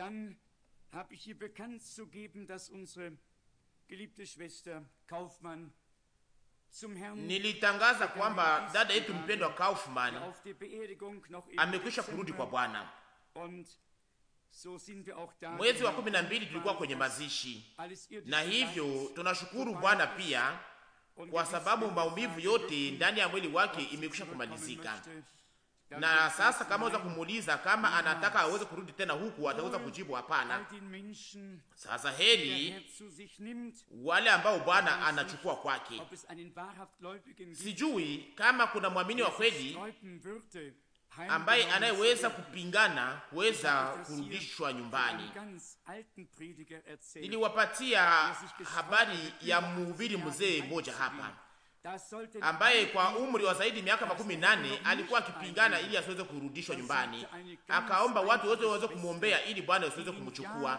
Dann habe ich hier bekannt zu geben, dass unsere geliebte Schwester Kaufmann zum Herrn nilitangaza kwamba dada yetu mpendwa Kaufmann auf die Beerdigung noch amekwisha kurudi kwa Bwana. Und So sind wir auch da. mwezi wa 12 tulikuwa kwenye mazishi, na hivyo tunashukuru Bwana pia kwa sababu maumivu yote ndani ya mwili wake imekwisha kumalizika. Na sasa kama weza kumuuliza kama anataka aweze kurudi tena huku, ataweza kujibu hapana. Sasa heli wale ambao Bwana anachukua kwake. Sijui kama kuna mwamini wa kweli ambaye anayeweza kupingana kuweza kurudishwa nyumbani. Niliwapatia habari ya mhubiri mzee mmoja hapa ambaye kwa umri wa zaidi miaka makumi nane alikuwa akipingana ili asiweze kurudishwa nyumbani. Akaomba watu wote waweze kumwombea ili Bwana asiweze kumchukua.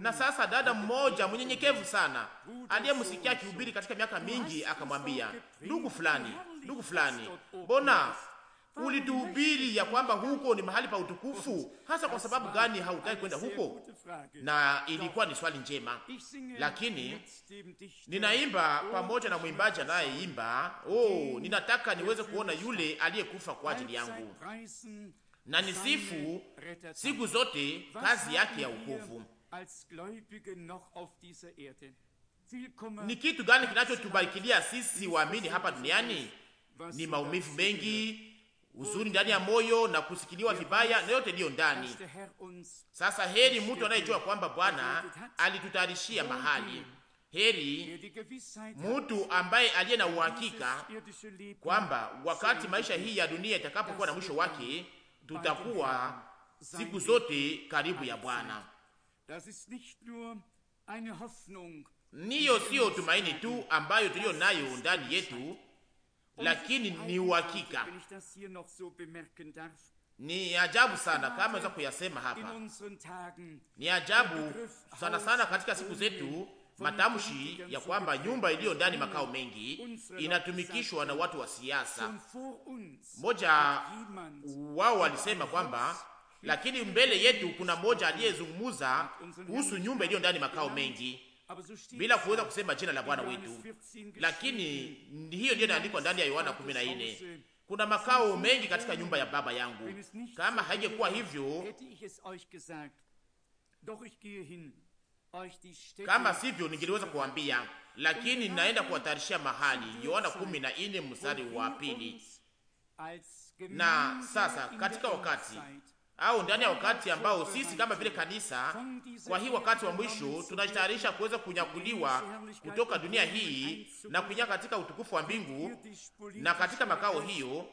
Na sasa dada mmoja mnyenyekevu sana aliyemsikia kihubiri katika miaka mingi akamwambia, ndugu fulani, ndugu fulani, mbona Ah, ulituhubiri ya kwamba huko ni mahali pa utukufu. Hasa kwa sababu gani hautaki kwenda huko? Na ilikuwa ni swali njema, lakini ninaimba pamoja na oh, mwimbaji anayeimba, oh, ninataka niweze kuona yule aliyekufa kwa ajili yangu na nisifu siku zote kazi yake ya ukovu. Ni kitu gani kinachotubarikilia sisi waamini hapa duniani? Ni maumivu mengi uzuri ndani ya moyo na kusikiliwa vibaya na yote iliyo ndani. Sasa heri mtu anayejua kwamba Bwana alitutayarishia mahali. Heri mtu ambaye aliye na uhakika kwamba wakati maisha hii ya dunia itakapokuwa na mwisho wake, tutakuwa siku zote karibu ya Bwana. Niyo siyo tumaini tu ambayo tuliyo nayo ndani yetu lakini ni uhakika. Ni ajabu sana kama naweza kuyasema hapa, ni ajabu sana sana katika siku zetu matamshi ya kwamba nyumba iliyo ndani makao mengi inatumikishwa na watu wa siasa. Moja wao walisema kwamba lakini mbele yetu kuna mmoja aliyezungumuza kuhusu nyumba iliyo ndani makao mengi bila kuweza kusema jina la Bwana wetu, lakini hiyo ndiyo inaandikwa ndani ya Yohana 14 kuna makao mengi katika nyumba ya Baba yangu. Kama haingekuwa hivyo, kama sivyo, ningeliweza kuambia, lakini naenda kuwatarishia mahali. Yohana 14 mstari wa pili. Na sasa katika wakati au ndani ya wakati ambao sisi kama vile kanisa, kwa hii wakati wa mwisho, tunajitayarisha kuweza kunyakuliwa kutoka dunia hii na kuingia katika utukufu wa mbingu. Na katika makao hiyo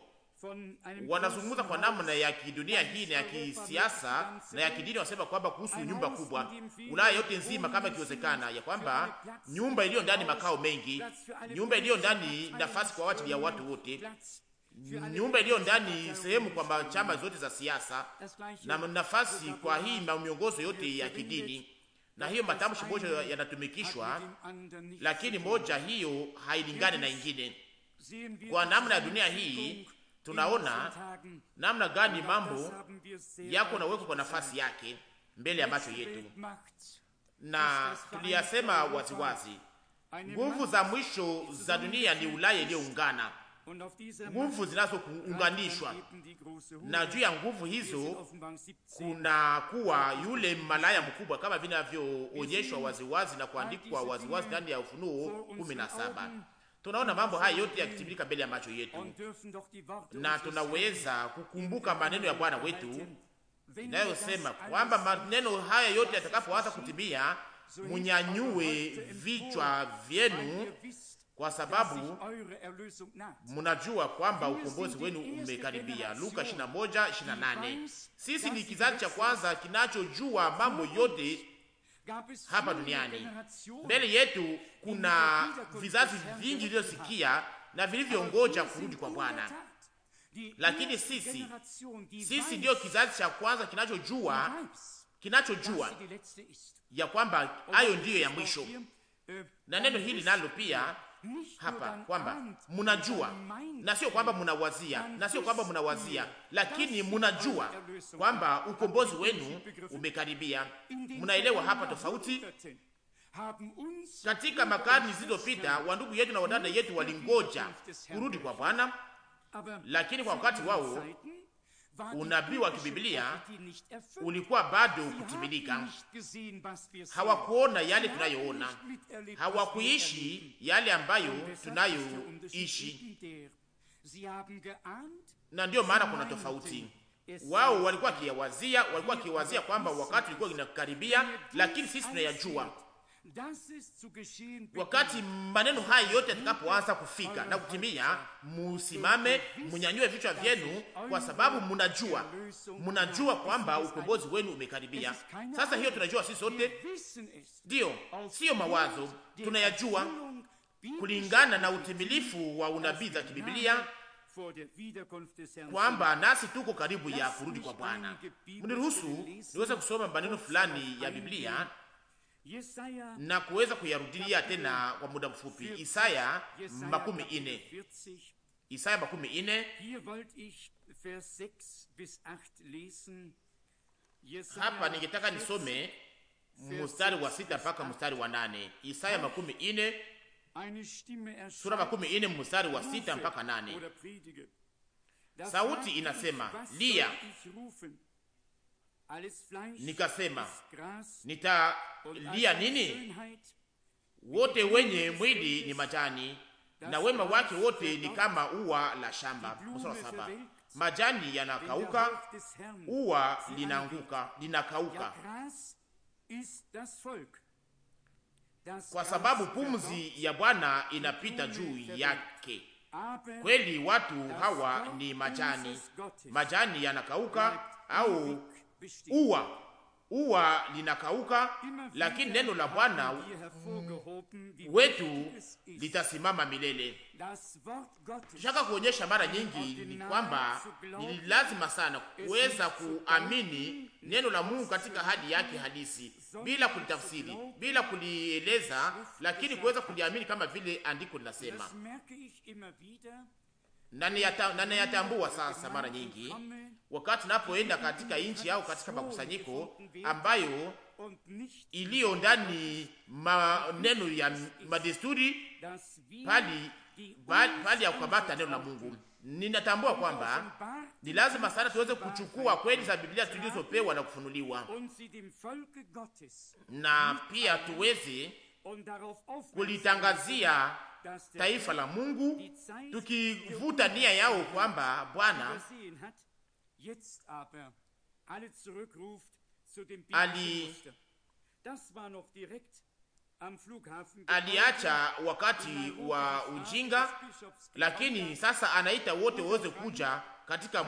wanazungumza kwa namna ya kidunia hii na ya kisiasa na ya kidini, wanasema kwamba kuhusu nyumba kubwa Ulaya yote nzima, kama ikiwezekana, ya kwamba nyumba iliyo ndani makao mengi, nyumba iliyo ndani nafasi kwa watu ya watu wote, nyumba iliyo ndani sehemu kwa chama zote za siasa na nafasi kwa hii miongozo yote ya kidini, na hiyo matamshi moja yanatumikishwa, lakini moja hiyo hailingani na ingine. Kwa namna ya dunia hii tunaona namna gani mambo yako nawekwa kwa nafasi yake mbele ya macho yetu, na tuliyasema waziwazi, nguvu za mwisho za dunia ni Ulaya iliyoungana nguvu zinazounganishwa, na juu ya nguvu hizo kuna kuwa yule malaya mkubwa, kama vinavyoonyeshwa waziwazi na kuandikwa waziwazi ndani ya Ufunuo kumi na saba. Tunaona mambo haya yote yakitimilika mbele ya macho yetu, na tunaweza kukumbuka maneno ya Bwana wetu inayosema kwamba maneno haya yote yatakapoanza kutimia, munyanyue vichwa vyenu kwa sababu mnajua kwamba ukombozi wenu umekaribia. Luka 21:28. Sisi ni kizazi cha kwanza kinachojua mambo yote hapa duniani. Mbele yetu kuna vizazi vingi vilivyosikia na vilivyongoja kurudi kwa Bwana, lakini sisi sisi ndiyo kizazi cha kwanza kinachojua kinachojua ya kwamba hayo ndiyo ya mwisho, na neno hili nalo pia hapa kwamba mnajua, na sio kwamba mnawazia, na sio kwamba mnawazia, lakini mnajua kwamba ukombozi wenu umekaribia. Mnaelewa hapa tofauti katika makarni zilizopita wandugu yetu na wadada yetu walingoja kurudi kwa Bwana, lakini kwa wakati wao unabii wa kibibilia ulikuwa bado kutimilika. Hawakuona yale tunayoona, hawakuishi yale ambayo tunayoishi, na ndiyo maana kuna tofauti. Wao walikuwa wakiwazia, walikuwa wakiwazia kwamba wakati ulikuwa inakaribia, lakini sisi tunayajua Wakati maneno haya yote yatakapoanza kufika na kutimia, musimame, munyanyue vichwa vyenu, kwa sababu munajua, munajua kwamba ukombozi wenu umekaribia. Sasa hiyo tunajua sisi sote, ndiyo, siyo mawazo, tunayajua kulingana na utimilifu wa unabii za kibiblia kwamba nasi tuko karibu ya kurudi kwa Bwana. Mniruhusu niweze kusoma maneno fulani ya Biblia na kuweza kuyarudilia tena kwa muda mfupi. Isaya makumi ine, Isaya makumi ine. Hapa ningetaka nisome mustari wa sita mpaka mustari wa nane Isaya makumi ine sura makumi ine mustari wa sita mpaka nane Sauti inasema lia nikasema, nitalia nini? Wote wenye mwili ni majani na wema wake wote ni kama ua la shamba. Mstari saba. Majani yanakauka, ua linaanguka, linakauka kwa sababu pumzi ya Bwana inapita juu yake. Kweli watu hawa ni majani, majani yanakauka au uwa uwa linakauka, lakini neno la Bwana wetu litasimama milele. Shaka kuonyesha mara nyingi ni kwamba ni lazima sana kuweza kuamini neno la Mungu katika hali yake halisi, bila kulitafsiri, bila kulieleza, lakini kuweza kuliamini kama vile andiko linasema nanayatambua sasa mara nyingi wakati napoenda katika nchi au katika makusanyiko ambayo iliyo ndani maneno ya madesturi pali, pali, pali ya kukamata neno la Mungu. Ninatambua kwamba ni lazima sana tuweze kuchukua kweli za Biblia tulizopewa na kufunuliwa, na pia tuweze kulitangazia taifa la Mungu, tukivuta nia yao kwamba Bwana ah, ali aliacha wakati wa ujinga, lakini sasa anaita wote waweze kuja katika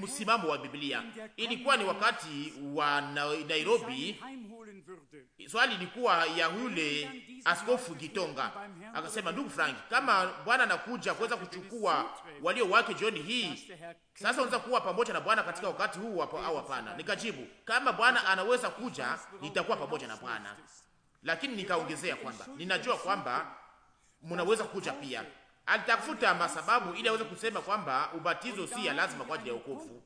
msimamo wa Biblia. Ilikuwa ni wakati wa Nairobi Swali ilikuwa ya yule askofu Gitonga, akasema ndugu Frank, kama Bwana anakuja kuweza kuchukua walio wake jioni hii, sasa unaweza kuwa pamoja na Bwana katika wakati huu hapo au hapana? Nikajibu kama Bwana anaweza kuja, nitakuwa pamoja na Bwana, lakini nikaongezea kwamba ninajua kwamba mnaweza kuja pia. Alitafuta masababu ili aweze kusema kwamba ubatizo si ya lazima kwa ajili ya wokovu,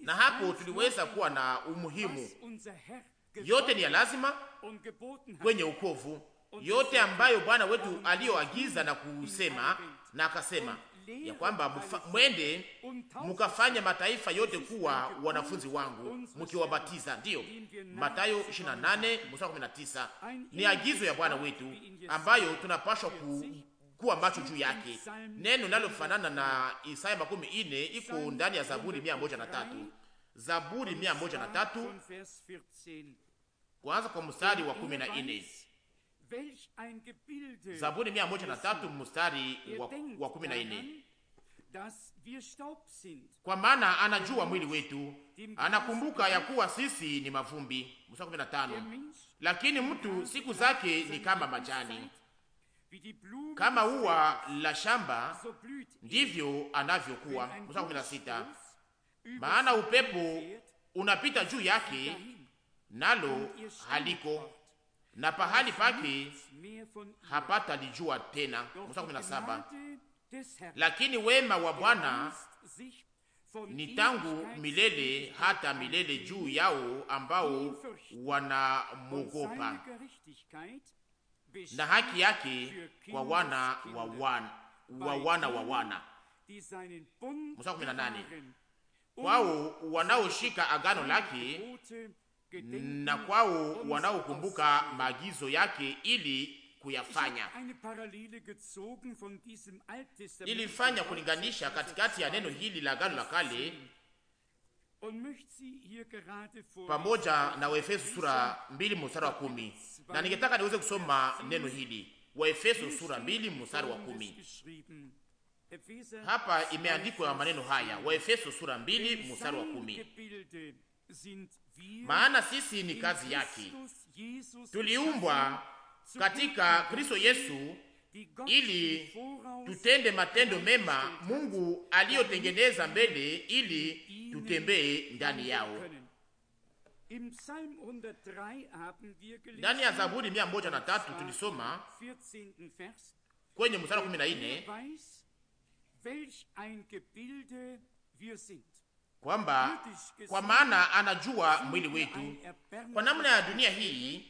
na hapo tuliweza kuwa na umuhimu yote ni ya lazima kwenye ukovu, yote ambayo Bwana wetu aliyoagiza na kusema na akasema ya kwamba mwende mukafanya mataifa yote kuwa wanafunzi wangu mukiwabatiza. Ndiyo, Mathayo 28 19 ni agizo ya Bwana wetu ambayo tunapashwa ku, kuwa macho juu yake. Neno linalofanana na Isaya makumi ine iko ndani ya Zaburi mia moja na tatu Zaburi mia moja na tatu kwanza kwa mstari wa kumi na nne Zaburi mia moja na tatu mstari wa kumi na nne Kwa maana anajua mwili wetu, anakumbuka ya kuwa sisi ni mavumbi. Mstari kumi na tano Lakini mtu siku zake ni kama majani, kama ua la shamba, ndivyo anavyokuwa. Mstari kumi na sita maana upepo unapita juu yake nalo haliko na pahali pake hapata lijua tena. saba. Lakini wema wa Bwana ni tangu milele hata milele juu yao ambao wanamwogopa, na haki yake kwa wana wa wana wa wana wa wana. Mstari Wao wanaoshika agano lake na kwao wanaokumbuka maagizo yake ili kuyafanya. Nilifanya kulinganisha katikati ya neno hili la Agano la Kale pamoja na Waefeso sura 2 mstari wa 10, na ningetaka niweze kusoma neno hili Waefeso sura 2 mstari wa 10. Hapa imeandikwa maneno haya, Waefeso sura 2 mstari wa maana sisi ni kazi yake, tuliumbwa katika Kristo Yesu ili tutende matendo mema Mungu aliyotengeneza mbele, ili tutembee ndani yao. Oh ndani ya Zaburi mia moja na tatu tulisoma kwenye mstari wa kumi na nne kwamba kwa maana anajua mwili wetu kwa namna ya dunia hii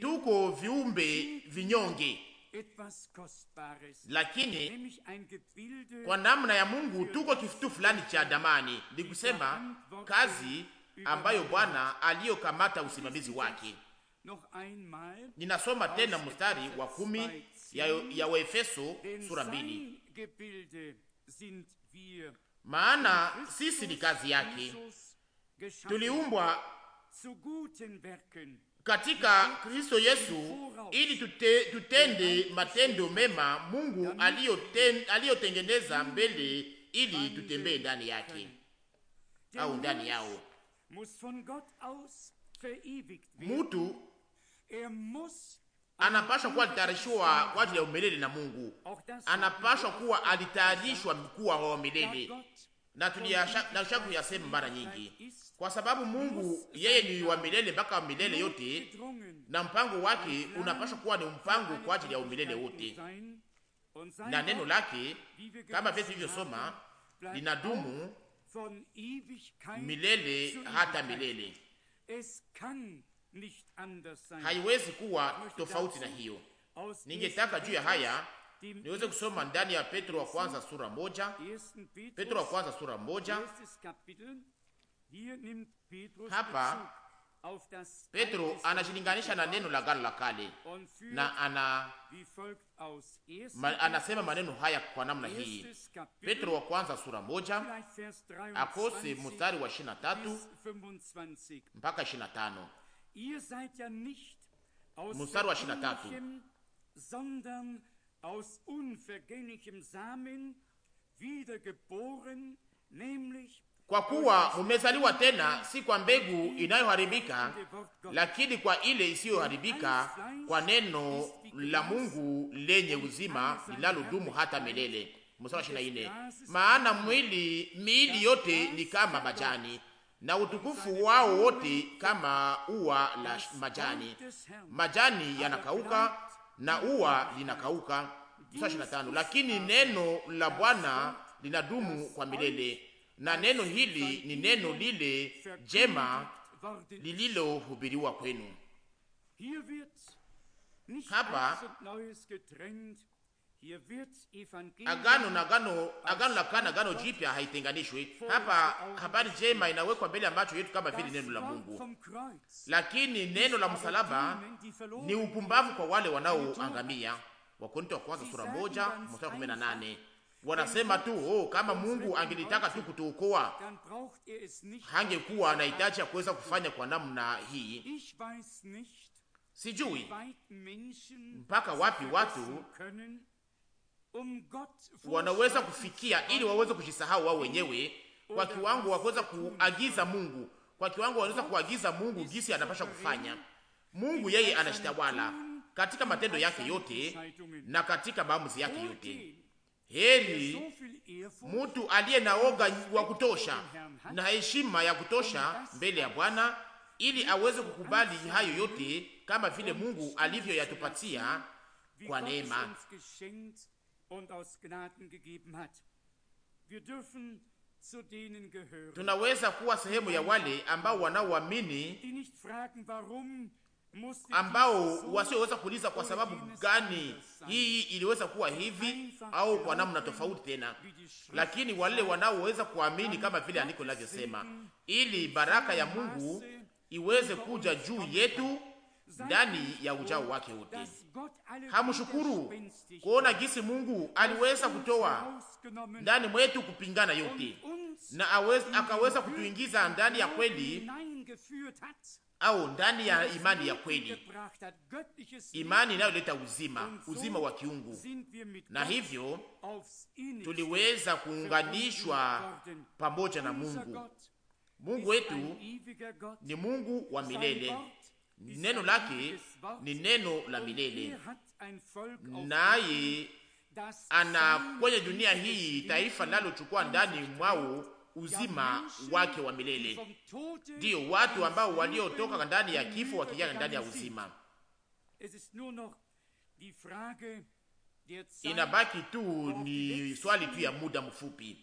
tuko viumbe vinyonge, lakini kwa namna ya Mungu tuko kitu fulani cha damani, ni kusema kazi ambayo Bwana aliyokamata usimamizi wake. Ninasoma tena mstari wa kumi ya, ya Waefeso sura mbili maana sisi ni kazi yake, tuliumbwa katika Kristo Yesu ili tute, tutende matendo mema Mungu aliyotengeneza mbele, ili tutembee ndani yake au ndani yao. Mutu er anapashwa kuwa alitayarishwa kwa ajili ya umilele na Mungu, anapashwa kuwa alitayarishwa kuwa wa milele, na tulisha kuyasema mara nyingi, kwa sababu Mungu yeye ni wa milele mpaka wa milele yote, na mpango wake unapashwa kuwa ni mpango kwa ajili ya umilele wote, na neno lake kama vile tulivyosoma linadumu milele hata milele haiwezi kuwa tofauti na hiyo. Ningetaka juu ya haya niweze kusoma ndani ya Petro wa kwanza sura moja, Petro wa kwanza sura moja. Hapa Petro anajilinganisha na neno la Agano la Kale na ana, ma, anasema maneno haya kwa namna hii. Petro wa kwanza sura moja akose mstari wa tatu mpaka tano mstari wa ishirini na tatu kwa kuwa mumezaliwa tena si kwa mbegu inayoharibika, lakini kwa ile isiyoharibika, kwa neno la Mungu lenye uzima linalodumu hata milele. Mstari wa ishirini na maana mwili miili yote ni kama majani na utukufu wao wote kama ua la majani. Majani yanakauka na ua linakauka. Lakini neno la Bwana linadumu kwa milele, na neno hili ni neno lile jema lililohubiriwa kwenu. Hapa Agano na agano, agano la kana agano jipya haitenganishwi hapa. Habari njema inawekwa mbele ya macho yetu kama vile neno la Mungu, lakini neno la msalaba ni upumbavu kwa wale wanaoangamia. Wakorintho wa kwanza sura moja mstari kumi na nane wanasema tu oh, kama Mungu angelitaka tu kutuokoa hangekuwa anahitaji ya kuweza kufanya kwa namna hii. Sijui mpaka wapi watu Um, wanaweza kufikia ili waweze kujisahau wao wenyewe, kwa kiwango waweza kuagiza Mungu, kwa kiwango wanaweza kuagiza Mungu jinsi anapasha kufanya. Mungu yeye anashitawala katika matendo yake yote na katika maamuzi yake yote. Heri mtu aliye na oga wa kutosha na heshima ya kutosha mbele ya Bwana ili aweze kukubali hayo yote kama vile Mungu alivyoyatupatia kwa neema. Tunaweza kuwa sehemu ya wale ambao wanaoamini ambao wasioweza kuuliza kwa sababu gani hii iliweza kuwa hivi au kwa namna tofauti tena, lakini wale wanaoweza kuamini kama vile andiko linavyosema, ili baraka ya Mungu iweze kuja juu yetu ndani ya ujao wake wote. Hamshukuru kuona gisi Mungu aliweza kutoa ndani mwetu kupingana yote na akaweza kutuingiza ndani ya kweli au ndani ya imani ya kweli, imani inayoleta uzima, uzima wa kiungu, na hivyo tuliweza kuunganishwa pamoja na Mungu. Mungu wetu ni Mungu wa milele neno lake ni neno la milele, naye ana kwenye dunia hii taifa linalochukua ndani mwao uzima wake wa milele. Ndiyo watu ambao waliotoka ndani ya kifo wakijana ndani ya uzima. Inabaki tu ni swali tu ya muda mfupi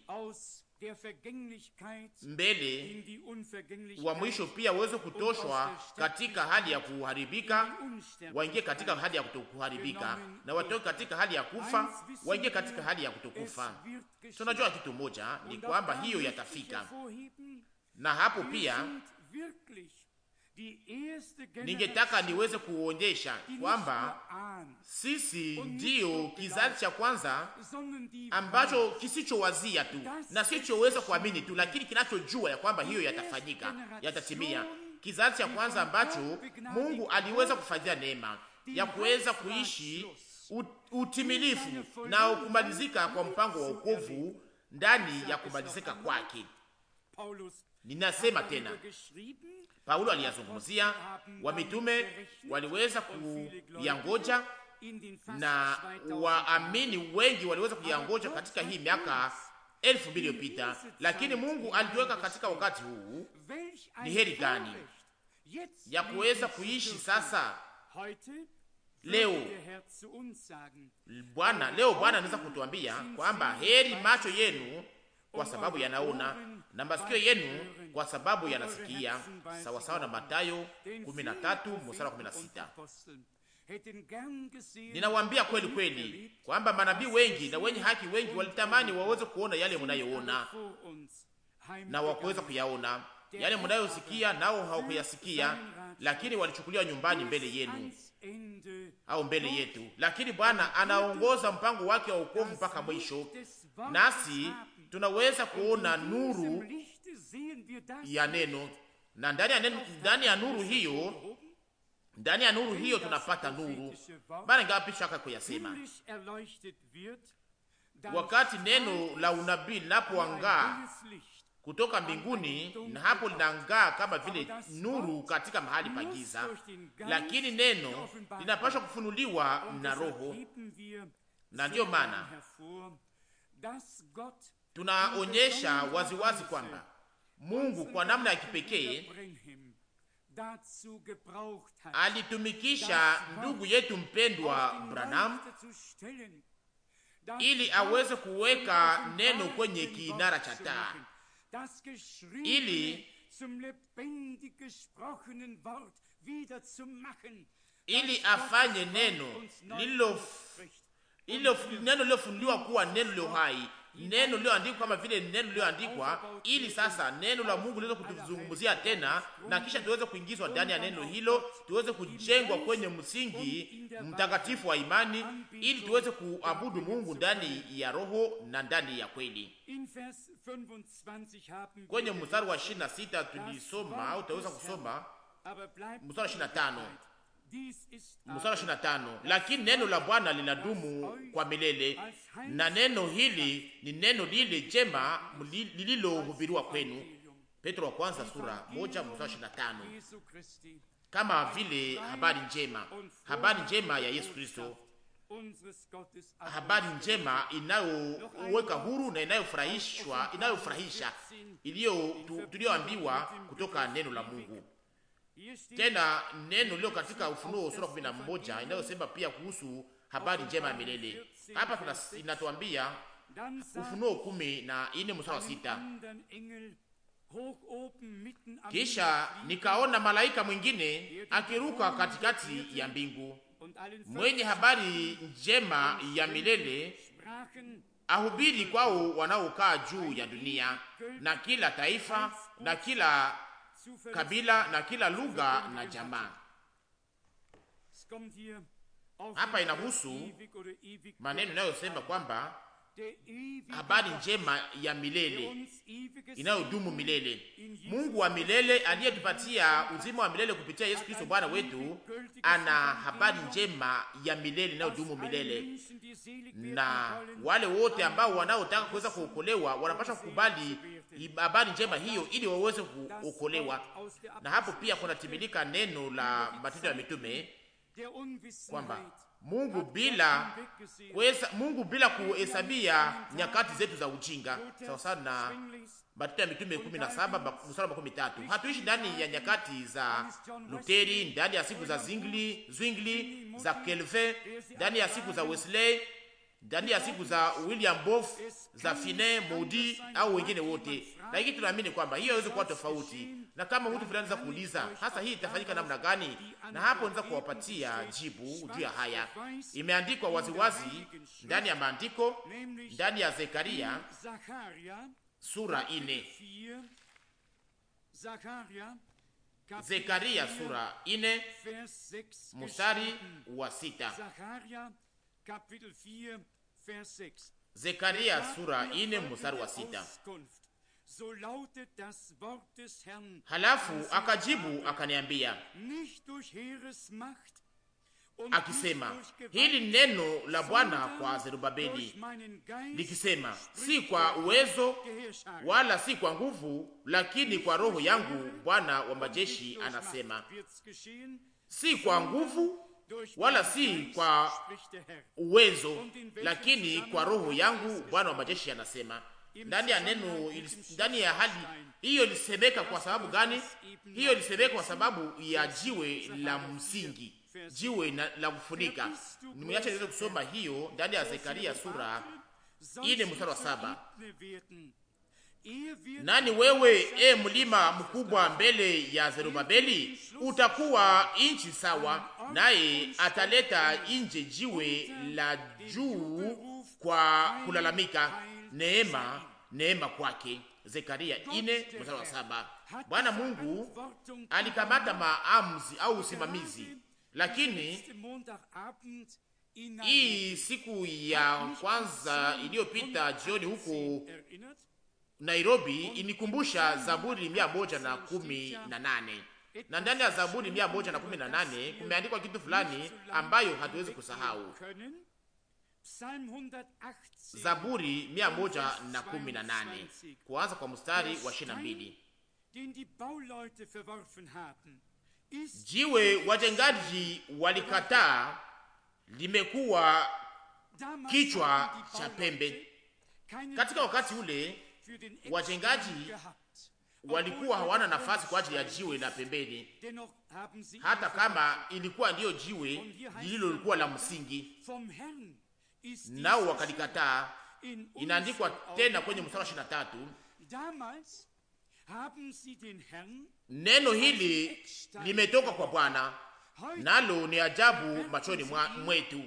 mbele wa mwisho pia waweze kutoshwa katika hali ya kuharibika, waingie katika hali ya kutokuharibika, na watoke katika hali ya kufa, waingie katika hali ya kutokufa. Tunajua kitu moja ni kwamba hiyo yatafika, na hapo pia Ningetaka niweze kuonyesha kwamba sisi ndiyo kizazi cha kwanza ambacho kisichowazia tu na sichoweza kuamini tu, lakini kinachojua ya kwamba hiyo yatafanyika, yatatimia. Kizazi cha kwanza ambacho Mungu aliweza kufadhia neema ya kuweza kuishi utimilifu na kumalizika kwa mpango wa wokovu ndani ya kumalizika kwake. Ninasema tena Paulo aliyazungumzia, wa mitume waliweza kuyangoja na waamini wengi waliweza kuyangoja katika hii miaka elfu mbili iliyopita, lakini Mungu alituweka katika wakati huu. Ni heri gani ya kuweza kuishi sasa leo. Bwana leo Bwana anaweza kutuambia kwamba heri macho yenu kwa sababu yanaona, na masikio yenu kwa sababu yanasikia, sawasawa na Mathayo 13 mstari 16. Ninawaambia kweli kweli kwamba manabii wengi na wenye haki wengi walitamani waweze kuona yale munayoona na wakuweza kuyaona yale munayosikia nao hawakuyasikia, lakini walichukuliwa nyumbani mbele yenu au mbele yetu. Lakini Bwana anaongoza mpango wake wa wokovu mpaka mwisho, nasi tunaweza kuona nuru ya neno, na ndani ya neno, ndani ya nuru hiyo, ndani ya nuru hiyo tunapata nuru. Mara ngapi shaka kuyasema, wakati neno la unabii linapoangaa kutoka mbinguni na hapo linangaa kama vile nuru katika mahali pa giza, lakini neno linapaswa kufunuliwa na Roho, na ndiyo maana tunaonyesha waziwazi wazi kwamba Mungu kwa namna ya kipekee alitumikisha ndugu yetu mpendwa Branham ili aweze kuweka neno kwenye kinara cha taa ili ili afanye neno lilo neno lilofunuliwa kuwa neno lilo hai neno lililoandikwa kama vile neno lililoandikwa, ili sasa neno la Mungu liweze kutuzungumzia tena, na kisha tuweze kuingizwa ndani ya neno hilo, tuweze kujengwa kwenye msingi mtakatifu wa imani, ili tuweze kuabudu Mungu ndani ya roho na ndani ya kweli. Kwenye mstari wa 26 tulisoma, utaweza kusoma mstari wa 25 Musala shina tano lakini neno la Bwana linadumu kwa milele, na neno hili ni neno lile jema lililohubiriwa kwenu. Petro wa kwanza sura moja musala shina tano kama vile habari njema, habari njema ya Yesu Kristo, habari njema inayoweka huru na inayofurahishwa inayofurahisha, iliyo tuliyoambiwa kutoka neno la Mungu. Tena neno lilo katika Ufunuo sura 11 inayosema pia kuhusu habari njema ya milele. Hapa inatuambia Ufunuo kumi na ine mstari wa sita kisha nikaona malaika mwingine akiruka katikati ya mbingu, mwenye habari njema ya milele, ahubiri kwao wanaokaa juu ya dunia na kila taifa na kila kabila na kila lugha na jamaa. Hapa inahusu maneno inayosema kwamba habari njema ya milele inayodumu milele. Mungu wa milele aliyetupatia uzima wa milele kupitia Yesu Kristo Bwana wetu, ana habari njema ya milele inayodumu milele, na wale wote ambao wanaotaka kuweza kuokolewa wanapaswa kukubali habari njema hiyo ili waweze kuokolewa. Na hapo pia kunatimilika neno la Matendo ya Mitume kwamba Mungu bila kuesa, Mungu bila kuhesabia nyakati zetu za ujinga, sawa sawa na Matendo ya Mitume 17 mstari wa 13. Hatuishi ndani ya nyakati za Luteri, ndani ya siku za Zwingli, Zwingli za Calvin, ndani ya siku za Wesley, ndani ya siku za William Boff, za Finney, Moody au wengine wote, lakini tunaamini kwamba hiyo haiwezi kuwa tofauti na kama mtu fulani anaweza kuuliza hasa hii itafanyika namna gani, na hapo naweza kuwapatia jibu juu ya haya. Imeandikwa waziwazi ndani ya maandiko, ndani ya Zekaria sura ine, Zekaria sura ine mstari wa sita. Zekaria sura ine mstari wa sita. Halafu akajibu akaniambia akisema, hili ni neno la Bwana kwa Zerubabeli likisema, si kwa uwezo wala si kwa nguvu, lakini kwa roho yangu, Bwana wa majeshi anasema. Si kwa nguvu wala si kwa uwezo, lakini kwa roho yangu, Bwana wa majeshi anasema ndani ya neno, ndani ya hali hiyo. Ilisemeka kwa sababu gani? Hiyo ilisemeka kwa sababu ya jiwe la msingi, jiwe na, la kufunika. Nimeacha niweze kusoma hiyo ndani ya Zekaria sura ine mstari wa saba. Nani wewe, e mlima mkubwa mbele ya Zerubabeli? Utakuwa inchi sawa, naye ataleta nje jiwe la juu kwa kulalamika, neema neema kwake. Zekaria ine mstari wa saba. Bwana Mungu alikamata maamuzi au usimamizi, yaani, lakini hii siku ya kwanza iliyopita jioni huko Nairobi inikumbusha Zaburi mia moja na kumi na nane na ndani ya Zaburi mia moja na kumi na nane kumeandikwa kitu fulani ambayo hatuwezi kusahau Zaburi mia moja na kumi na nane kuanza kwa mstari wa ishirini na mbili jiwe wajengaji walikataa limekuwa kichwa cha pembe. Katika wakati ule wajengaji walikuwa hawana nafasi kwa ajili ya jiwe la pembeni, hata kama ilikuwa ndiyo jiwe lililo la msingi nao wakalikataa. Inaandikwa tena kwenye mstari wa tatu neno hili limetoka kwa Bwana, nalo ni ajabu machoni mwetu.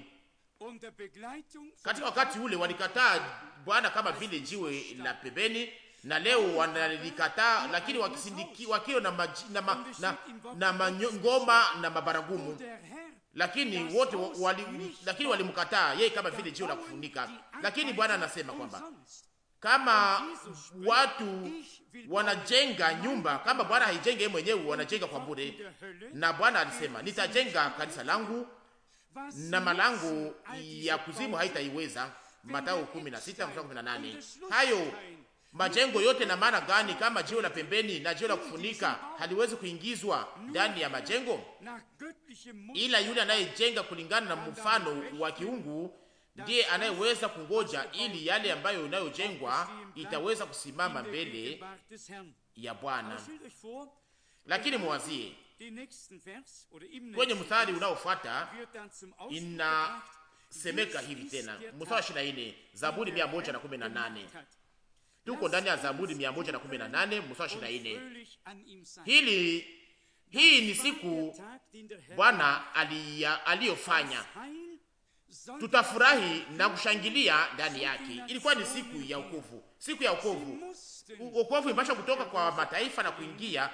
Katika wakati ule walikataa Bwana kama vile jiwe la pembeni, na leo wanalikataa, lakini wakisindiki wakiwa na, na, na, na, na mangoma na mabaragumu lakini wote wali, lakini walimkataa yeye kama vile jiwe la kufunika. Lakini Bwana anasema kwamba kama watu wanajenga nyumba, kama Bwana haijenge yeye mwenyewe, wanajenga kwa bure. Na Bwana alisema nitajenga kanisa langu na malango ya kuzimu haitaiweza. Mathayo 16:18. Hayo Majengo yote na maana gani kama jiwe la pembeni na jiwe la kufunika haliwezi kuingizwa ndani ya majengo? Ila yule anayejenga kulingana na mfano wa kiungu ndiye anayeweza kungoja ili yale ambayo inayojengwa itaweza kusimama mbele ya Bwana. Lakini mwazie kwenye mstari unaofuata inasemeka hivi tena, mstari wa 24 Zaburi 118 Tuko ndani ya Zaburi 118 mstari wa 24. Hili hii ni siku Bwana aliyofanya, tutafurahi na kushangilia ndani yake. Ilikuwa ni siku ya ukovu siku ya ukovu Ukovu imepasha kutoka kwa mataifa na kuingia,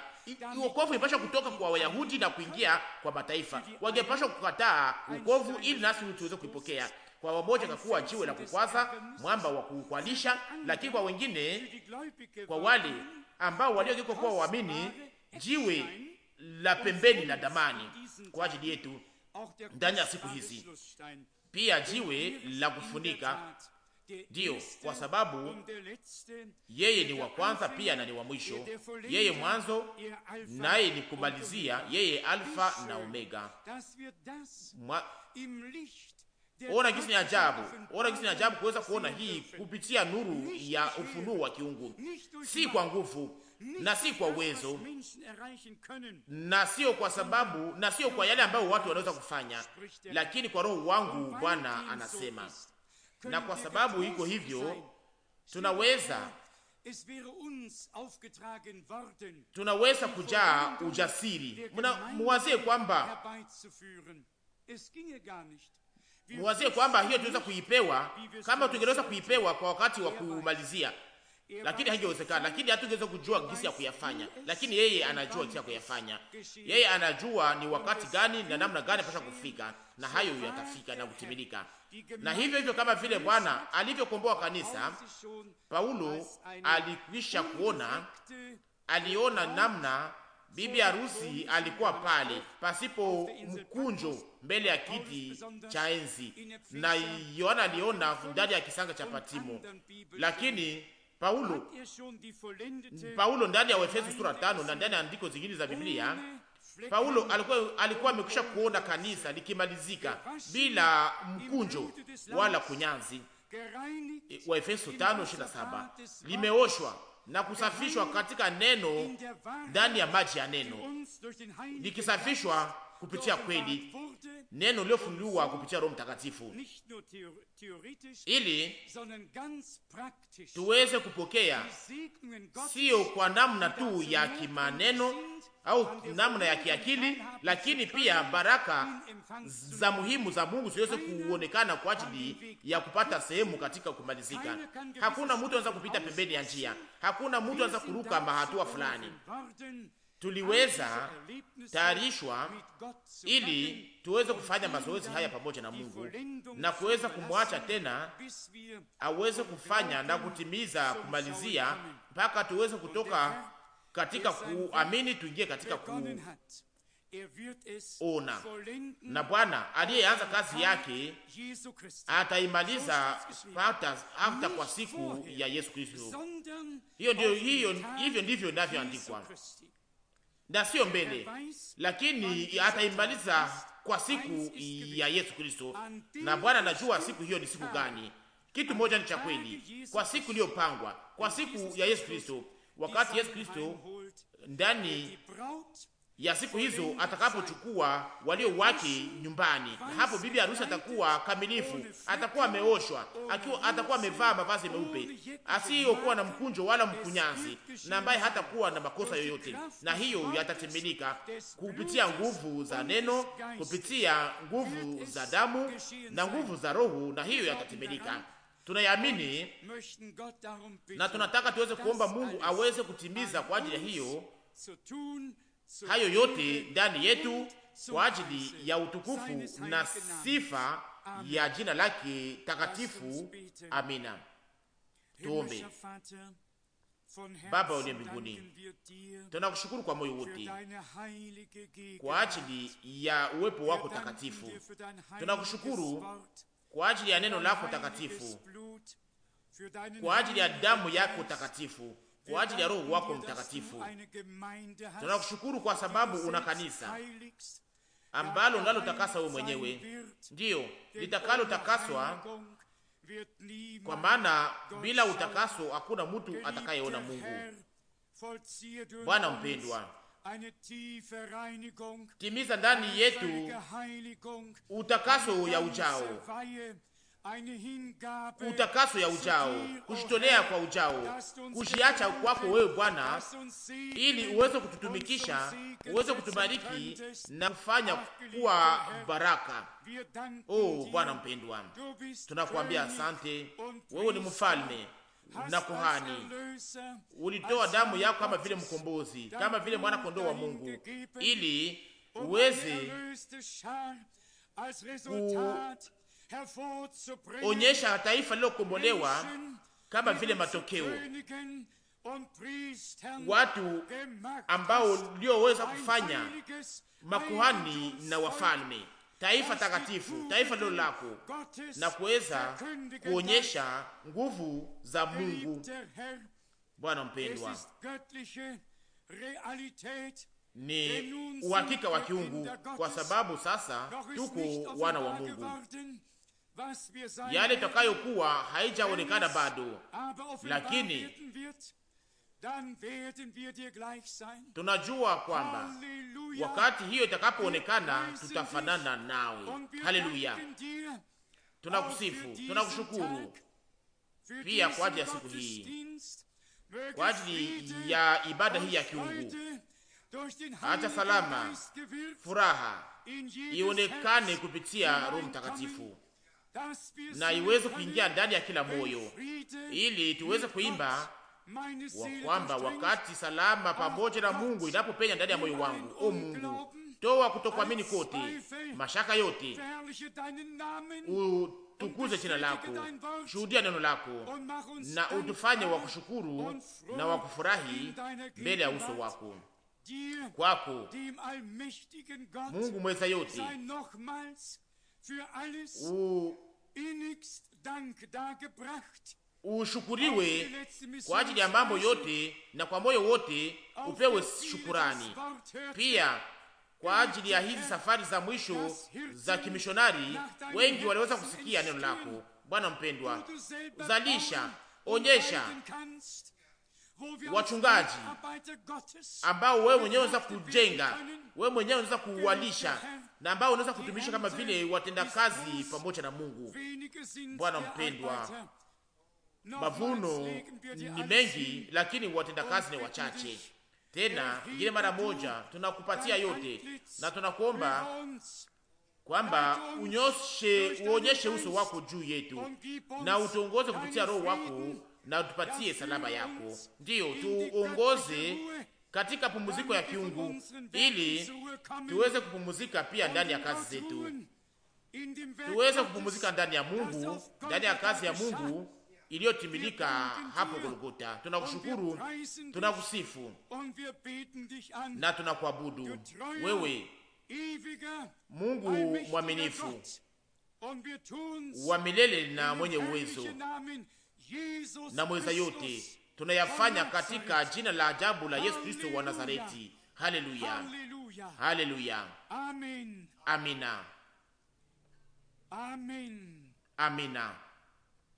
uokovu imepasha kutoka kwa Wayahudi na kuingia kwa mataifa. wangepashwa kukataa ukovu ili nasi tuweze kuipokea. Kwa wamoja kakuwa jiwe la kukwaza, mwamba wa kukwalisha, lakini kwa wengine, kwa wale ambao waliogeuka kuwa waamini, jiwe la pembeni la damani kwa ajili yetu ndani ya siku hizi, pia jiwe la kufunika. Ndiyo, kwa sababu yeye ni wa kwanza pia na ni wa mwisho, yeye mwanzo naye ni kumalizia, yeye Alfa na Omega Mwa, Ona jinsi ni ajabu, ona jinsi ni ajabu kuweza kuona hii kupitia nuru ya ufunuo wa kiungu, si kwa nguvu na si kwa uwezo na sio kwa sababu na sio kwa yale ambayo watu wanaweza kufanya, lakini kwa roho wangu, Bwana anasema. Na kwa sababu iko hivyo, tunaweza tunaweza kujaa ujasiri. muwazie kwamba muwazie kwamba hiyo tuweza kuipewa kama tungeweza kuipewa kwa wakati wa kumalizia, lakini haingewezekana. Lakini hatungeweza kujua jinsi ya kuyafanya, lakini yeye anajua jinsi ya kuyafanya. Yeye anajua ni wakati gani na namna gani pasha kufika, na hayo yatafika na kutimilika. Na hivyo hivyo kama vile Bwana alivyokomboa kanisa, Paulo alikwisha kuona, aliona namna Bibi harusi alikuwa pale pasipo mkunjo mbele ya kiti cha enzi, na Yohana aliona ndani ya kisanga cha Patimo. Lakini Paulo, Paulo ndani ya Efeso sura tano na ndani ya andiko zingine za Biblia, Paulo alikuwa alikuwa amekwisha kuona kanisa likimalizika bila mkunjo wala kunyanzi. Waefeso 5:27 limeoshwa na kusafishwa katika neno, ndani ya maji ya neno, nikisafishwa kupitia kweli, neno lilofunuliwa kupitia Roho Mtakatifu, ili tuweze kupokea, sio kwa namna tu ya kimaneno au namna ya kiakili, lakini pia baraka za muhimu za Mungu ziweze kuonekana kwa ajili ya kupata sehemu katika kumalizika. Hakuna mtu anaweza kupita pembeni ya njia, hakuna mtu anaweza kuruka mahatua fulani tuliweza tayarishwa ili tuweze kufanya mazoezi haya pamoja na Mungu na kuweza kumwacha tena aweze kufanya na kutimiza kumalizia, mpaka tuweze kutoka katika kuamini tuingie katika kuona. Na Bwana aliyeanza kazi yake ataimaliza hata, hata kwa siku ya Yesu Kristo. Hiyo ndio hiyo, hivyo ndivyo inavyoandikwa na sio mbele, lakini ataimaliza kwa siku ya Yesu Kristo. Na Bwana anajua siku hiyo ni siku gani. Kitu moja ni cha kweli, kwa siku iliyopangwa, kwa siku ya Yesu Kristo, wakati Yesu Kristo ndani ya siku hizo atakapochukua walio wake nyumbani. Hapo bibi harusi atakuwa kamilifu, atakuwa ameoshwa, akiwa atakuwa amevaa mavazi meupe, asiyokuwa na mkunjo wala mkunyanzi, na ambaye hatakuwa na makosa yoyote. Na hiyo yatatimilika kupitia nguvu za neno, kupitia nguvu za damu na nguvu za Roho, na hiyo yatatimilika. Tunayamini na tunataka tuweze kuomba Mungu aweze kutimiza kwa ajili ya hiyo hayo yote ndani yetu kwa ajili ya utukufu na sifa ya jina lake takatifu. Amina. Tuombe. Baba uliye mbinguni, tunakushukuru kwa moyo wote kwa ajili ya uwepo wako takatifu. Tunakushukuru kwa ajili ya neno lako takatifu, kwa ajili ya damu yako takatifu kwa ajili ya Roho wako Mtakatifu. Tunakushukuru kwa sababu una kanisa ambalo takasa wewe mwenyewe, ndiyo takaswa, kwa maana bila utakaso hakuna mtu atakayeona Mungu. Bwana mpendwa, timiza ndani yetu utakaso ya ujao utakaso ya ujao, kushitolea kwa ujao, kushiacha kwako wewe Bwana, ili uweze kututumikisha, uweze kutubariki na kufanya kuwa baraka. Oh Bwana mpendwa, tunakuambia asante. Wewe ni mfalme na kuhani, ulitoa damu yako kama vile mkombozi, kama vile mwana kondoo wa Mungu, ili uweze onyesha taifa lilokombolewa kama vile matokeo watu ambao lioweza kufanya makuhani na wafalme, taifa takatifu, taifa lilo lako, na kuweza kuonyesha nguvu za Mungu. Bwana mpendwa, ni uhakika wa kiungu, kwa sababu sasa tuko wana wa Mungu yale itakayokuwa haijaonekana bado, lakini tunajua kwamba wakati hiyo itakapoonekana tutafanana nawe. Haleluya! Tunakusifu, tunakushukuru pia kwa ajili ya siku hii, kwa ajili ya ibada hii ya kiungu. Acha salama, furaha ionekane kupitia Roho Mtakatifu na iweze kuingia ndani ya kila moyo, ili tuweze kuimba wa kwamba wakati salama pamoja na Mungu inapopenya ndani ya moyo wangu, o Mungu, toa kutokuamini kote, mashaka yote, utukuze jina lako, shuhudia neno lako, na utufanye wa kushukuru na wa kufurahi mbele ya uso wako. Kwako Mungu mweza yote ushukuriwe kwa ajili ya mambo yote na kwa moyo wote upewe shukurani pia kwa ajili ya hizi safari za mwisho za kimishonari, wengi waliweza kusikia neno lako Bwana mpendwa. Zalisha, onyesha wachungaji ambao wewe mwenyewe unaweza kujenga, wewe mwenyewe unaweza kuwalisha, na ambao unaweza kutumisha kama vile watenda kazi pamoja na Mungu. Bwana mpendwa, mavuno ni mengi, lakini watenda kazi ni wachache. Tena ingine mara moja tunakupatia yote na tunakuomba kwamba unyoshe uonyeshe uso wako juu yetu na utuongoze kupitia Roho wako na utupatie salama yako, ndiyo tuongoze katika pumuziko ya kiungu, ili tuweze kupumuzika pia ndani ya kazi zetu, tuweze kupumuzika ndani ya Mungu, ndani ya kazi ya Mungu iliyotimilika hapo Golgota. Tunakushukuru, tunakusifu na tunakuabudu wewe, Mungu mwaminifu wa milele na mwenye uwezo na mweza yote tunayafanya katika jina la ajabu la Yesu Kristo wa Nazareti. Haleluya, haleluya, amina, amina.